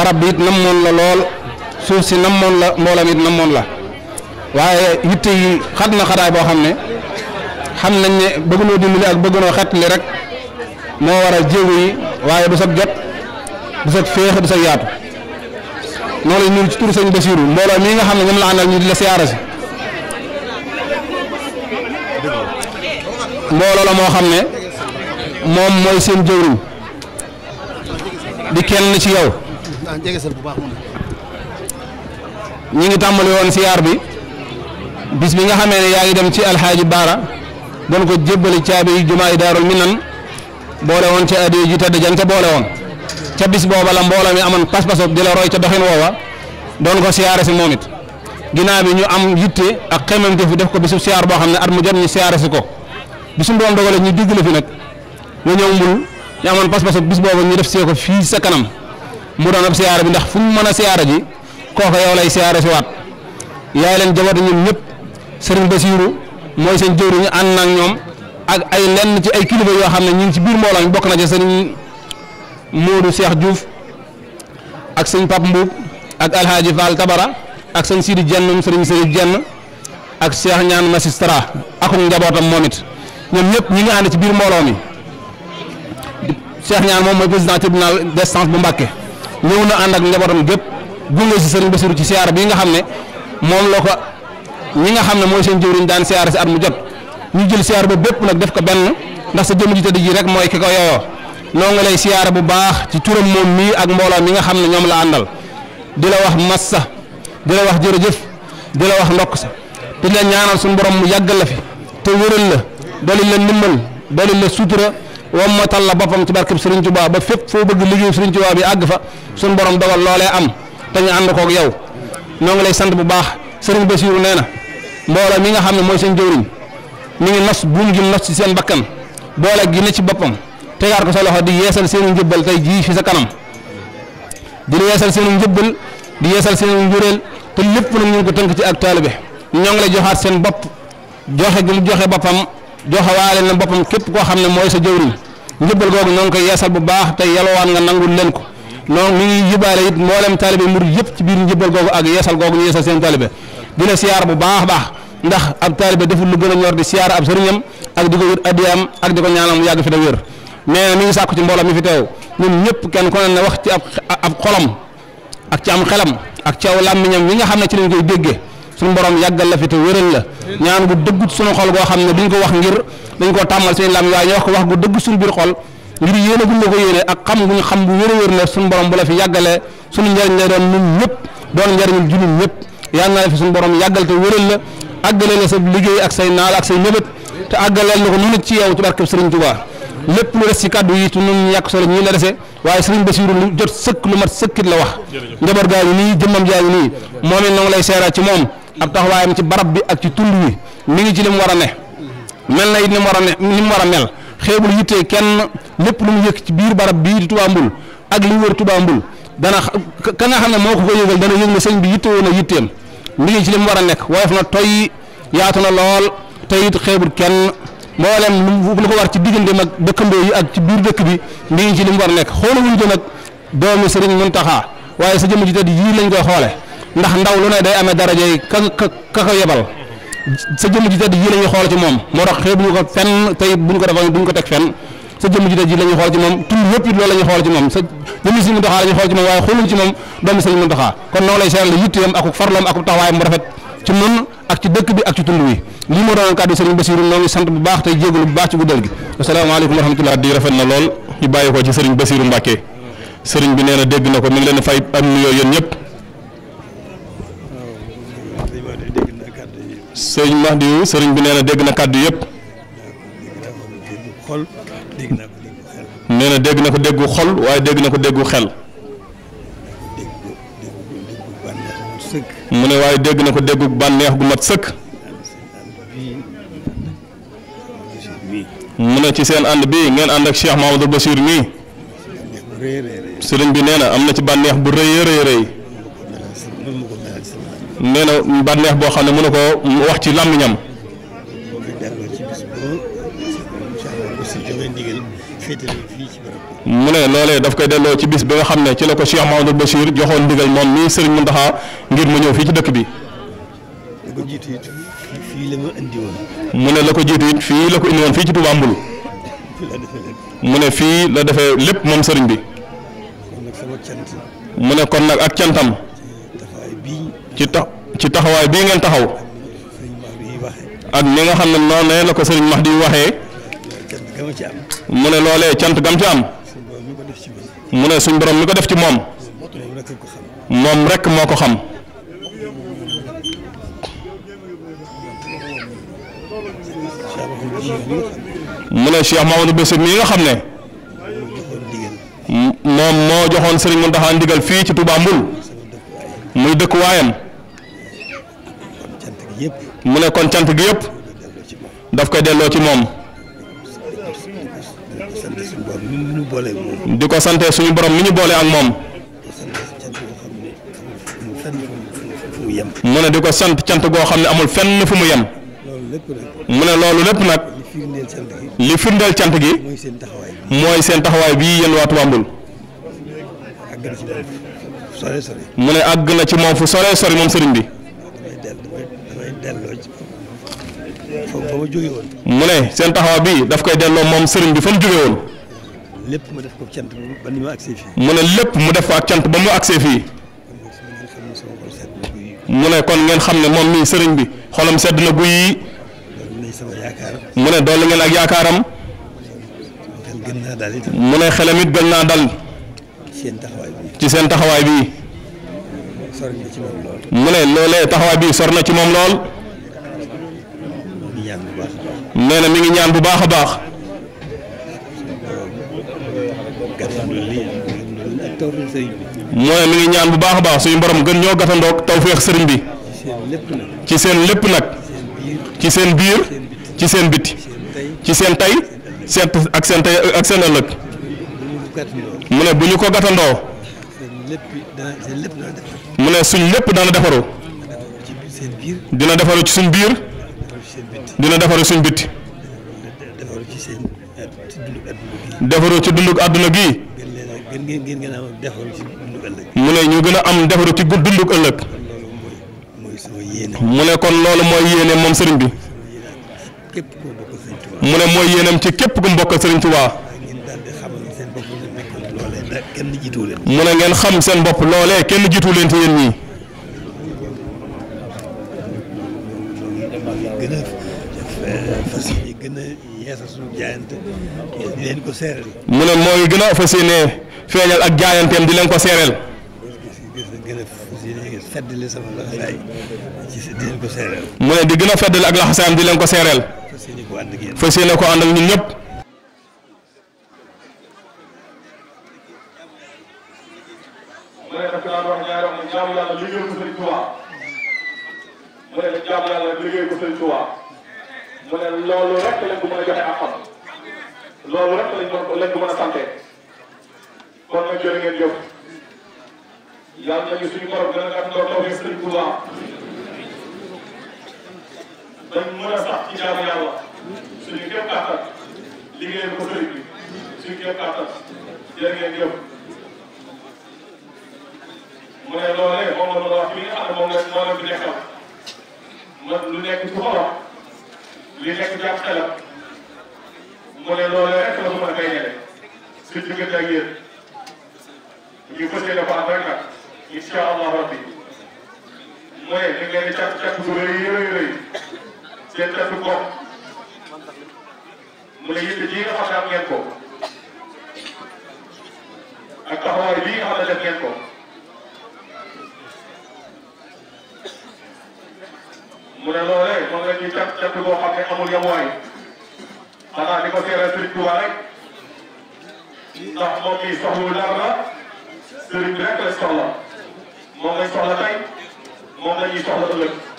barab bi it namoon la lool suuf si namoon la mboolam it namoon la waaye yitte yi xat na xataay boo xam ne xam nañ ne bëgg noo dimbali ak bëgg noo xet li rek moo waral jéego yi waaye du sag jot du sag féex du sag yaatu noonu la ñu ci turu Basiiru mbooloo mii nga xam ne ñoom la àndal ñu di la siyaara si mbooloo la moo xam ne moom mooy seen jëwriñ di kenn ci yow ndax jegesal bu baax mu ne. ñi ngi tàmbali woon siyaar bi bis bi nga xamee ne yaa ngi dem ci alxaaji Baara doon ko jébbali caabi yu jumaa yi daarul minan boole woon ca adiya ji tëdd ca boole woon ca bis booba la mboola mi amoon pas-pas di la ca doxin woowa doon ko siyaare si moom it ginnaaw ñu am yitte ak xemam te fi def ko bisu siyaar boo xam ne at mu jot ñu siyaare si ko bisu mbooloo dogale ñu digg la fi nag nga ñëw mbul ñu amoon pas-pas bis booba ñu def see ko fii sa kanam. mu doon ab siyaara bi ndax fu mu mën a siyaara ji kooka yow lay siyaara si waat yaay leen jabatu ñun ñëpp sëriñ Basiiru mooy seen jëwriñu ànd na ñoom ak ay lenn ci ay kilifa yoo xam ne ñu ngi ci biir mbooloo mi bokk na ci sëriñ Modou ak sëñ Pape Mbuub ak Alhaji ak sëñ Sidi Jenn sëriñ Sidi Jenn ak Cheikh Ñaan Masistra ak njabootam moom it ñoom ñëpp ñu ngi ci biir mbooloo mi Cheikh moom mooy président tribunal d'instance bu Mbàkke ñëw na ànd ak njabootam gépp gunge si sëriñ Bassirou ci siyaar bi nga xam ne moom la ko ñi nga xam ne mooy seen jëwriñ daan siyaar si at mu jot ñu jël siyaar ba bépp nag def ko benn ndax sa jëmm ji tëdd ji rek mooy ki ko yooyoo noo nga lay siyaar bu baax ci turam moom mii ak mbooloo mi nga xam ne ñoom la àndal di la wax mas sa di la wax jërëjëf di la wax ndokk sa di la ñaanal suñu borom mu yàggal la fi te wéral la dolli la ndimbal dolli la sutura wammatal la boppam ci barkeb Serigne Touba ba fépp foo bëgg liggéeyu Serigne Touba bi àgg fa suñ borom dogal loolee am te ñu ànd koog yow ñoo ngi lay sant bu baax Serigne Bassirou nee na mbooloo mi nga xam ne mooy seen jëwriñ mi ngi nos buum gi nos ci bakkan boole gi ci boppam tegaat ko sa loxo di yeesal seenu njëbbal tey jii fi sa kanam di yeesal seenu njëbbal di yeesal seenu njuréel te lépp nag ko tënk ci ak taalibe ñoo ngi lay joxaat bopp joxe gi joxe boppam joxe waale na boppam képp koo xam ne mooy sa jëwriñ njëbbal googu ñoo ngi yeesal bu baax te yalwaan nga nangul leen ko noonu mi ngi yóbbaale it mboolem taalibe mbir yëpp ci biir njëbbal googu ak yeesal googu ñu yeesal seen taalibe di siyaar bu baax baax ndax ab taalibe deful lu gën a ñor di siyaar ab sëriñam ak di ko wut addiyaam ak di ko ñaanal yàgg fi da wér mais mi ngi sàkku ci mbooloo mi fi teew ñun ñëpp kenn ku ne wax ci ab ab xolam ak ci am xelam ak ci aw làmmiñam ñi nga xam ne ci lañ koy déggee suñu borom yàggal la fi te wéral la ñaan gu dëggut suñu xol goo xam ne duñ ko wax ngir dañ koo tàmmal seen lam waaye ñu wax ko wax gu dëgg suñu biir xol ngir yéene guñ la ko yéene ak xam guñ xam bu wér a suñu borom bu la fi yàggalee suñu njëriñ lay doon ñun ñëpp doon njëriñul jullit ñëpp yàlla na la fi suñu borom yàggal te wéral la àggaleel la sa liggéey ak say naal ak say te àggaleel na ko ñu nit ci yow ci barkeb Sëriñ Tuubaa lépp lu des ci kàddu yi tu nun yàq solo ñii la dese waaye sëriñ Basiru jot sëkk lu mat sëkkit la wax njaboot gaa ngi nii jëmmam jaa ngi nii moom it noo ngi lay seeraat ci moom ab taxawaayam ci barab bi ak ci tund mi ngi ci li mu war mel na yit ni mu war a ni mu war a mel xeebul yittee kenn lépp lu mu yëkk ci biir barab bii di Touba ak li wër Touba Mbul dana ka nga xam ne moo ko ko yëgal dana yëg ne sëñ bi yitte woon a yitteem mi ngi ci li mu war a nekk woyof na toy yaatu na lool te it xeebul kenn mu mboolem lu ko war ci diggante mag dëkkandoo yi ak ci biir dëkk bi mi ngi ci li mu war a nekk xooluwuñ ko nag doomi sëriñ Muntaxa waaye sa jëmm ji tëdd yii lañ koy xoole ndax ndaw lu ne day amee daraja yi ka ka ka ko yebal sa jëmm ji tedd ji la xool ci moom moo tax xëy bu ñu ko fenn tey bu ñu ko defoon duñ ko teg fenn sa jëmm ji tedd ji xool ci moom tund yëpp it loolu la xool ci moom sa jëmmi sëñ Muntaxa la xool ci moom waaye xooluñ ci moom doomi sëñ ci nun ak ci dëkk bi ak sant bu baax tey jégalu bu baax ci guddal gi asalaamaaleykum wa rahmatullah di rafet na lool ñu bàyyi ko ci sëriñ Basiru Mbàkke sëriñ bi nee na dégg na ko mi ngi leen fay am nuyoo yéen ñëpp sëriñ Mahdiou sëriñ bi nee na dégg na kàddu yëpp. nee na dégg na ko déggu xol waaye dégg na ko déggu xel. mu ne waaye dégg na ko déggu bànneex gu mat sëkk. mu ne ci seen ànd bi ngeen ànd ak Cheikh Mahamadou Bachir mii. sëriñ bi nee na am na ci bànneex bu rëy a rëy nee na bànneex boo xam ne mën na koo wax ci làmmiñam mu ne loolee daf koy delloo ci bis bi nga xam ne ci la ko Cheikh Mahamadou Bachir joxoon ndigal moom mii Serigne Mountakha ngir mu ñëw fii ci dëkk bi. mu ne la ko jiitu it fii la ko indi fii ci Touba Mboul. mu ne fii la defee lépp moom sëriñ bi. mu ne kon nag ak cantam. ci tax ci taxawaay bii ngeen taxaw ak ni nga xam ne noonu la ko sëriñ Mahdi waxee mu ne loolee cant gam ci am mu ne suñ borom mi ko def ci moom moom rek moo ko xam mu ne Cheikh Mamadou Bassir mii nga xam ne moom moo joxoon sëriñ Mountakha ndigal fii ci Touba Mbul muy dëkkuwaayam. mu ne kon cant gi yëpp daf koy delloo ci moom di ko sante suñu borom mi ñu boole ak moom mu ne di ko sant cant goo xam ne amul fenn fu mu yem mu ne loolu lépp nag li firndeel cant gi mooy seen taxawaay bii yéen waa Touba mu ne àgg na ci moom fu sore sori moom sëriñ bi delloo ci fa ma jóge mu ne seen taxawaay bi daf koy delloo moom sëriñ bi fa mu jóge woon. lépp mu def ko cant ba ni ma ne lépp mu def ko ak cant ba mu agsee fii. mu ne kon ngeen xam ne moom mii sëriñ bi xolam sedd na guy yi. mu ne dolli ngeen ak yaakaaram. mu ne xelam it gën naa dal. ci seen taxawaay bii mu ne loolee taxawaay bi sor na ci moom lool. nee na mi ngi ñaan bu baax a baax. mooy mi ngi ñaan bu baax a baax suñu borom gën ñoo gàttandoog tawféex sëriñ bi. ci seen lépp nag. ci seen biir ci seen biti. ci seen tey seet ak seen tey ak seen ëllëg. mu ne bu ñu ko gàttandoo. mu ne suñ lépp dana defaru. dina defaru ci suñ biir. dina defaru suñ bitti defaru ci dunduk àdduna gi mu ne ñu gën a am defaru ci dunduk ëllëg mu ne kon loolu mooy yéene moom sëriñ bi mu ne mooy yéenam ci képp ku mbokk sëriñ Tuubaa mu ne ngeen xam seen bopp loolee kenn jiitu leen ci yéen ñii gën mu ne mooy gën a fas yéene feeñal ak jaayanteem di leen ko seeral. di seereel. mu ne di gën a feddali ak laxasaayam di leen ko seereel. fas yéene ko ànd ak yéen. fas mu ne loolu rek lañ ko mën a joxe ak xam loolu rek lañ ko lañ ko mën a sante kon nag jërë ngeen jëf yàlla nañu suñu borom gën a am ndox ndox yu sëñ Tuubaa dañ mën a sax ci jaamu yàlla suñu képp kàttan liggéeyal ko sëriñ bi suñu képp kàttan jërë ngeen jëf mu ne loolu rek moom la doon wax bi nga xam ne moom la moom la fi nekkal man lu nekk ci xolam li nekk jàpp xelam mu ne loolu rek la ko mën a béyalee suñ diggante ak yéen ñu fas yéene ko am rek nag incha allahu rabbi mu ne ñu ngi leen di càkk càkk bu rëy rëy rëy seen càkk bopp mu ne yitte ji nga xam ne am ngeen ko ak taxawaay bii nga xam ne def ngeen ko. mu ne loolee moom la ñuy cat cat boo xam ne amul yamuwaay xanaa ko seeral Serigne moom mii soxlu la Serigne bi soxla moom lañ soxla tey moom la soxla ëllëg.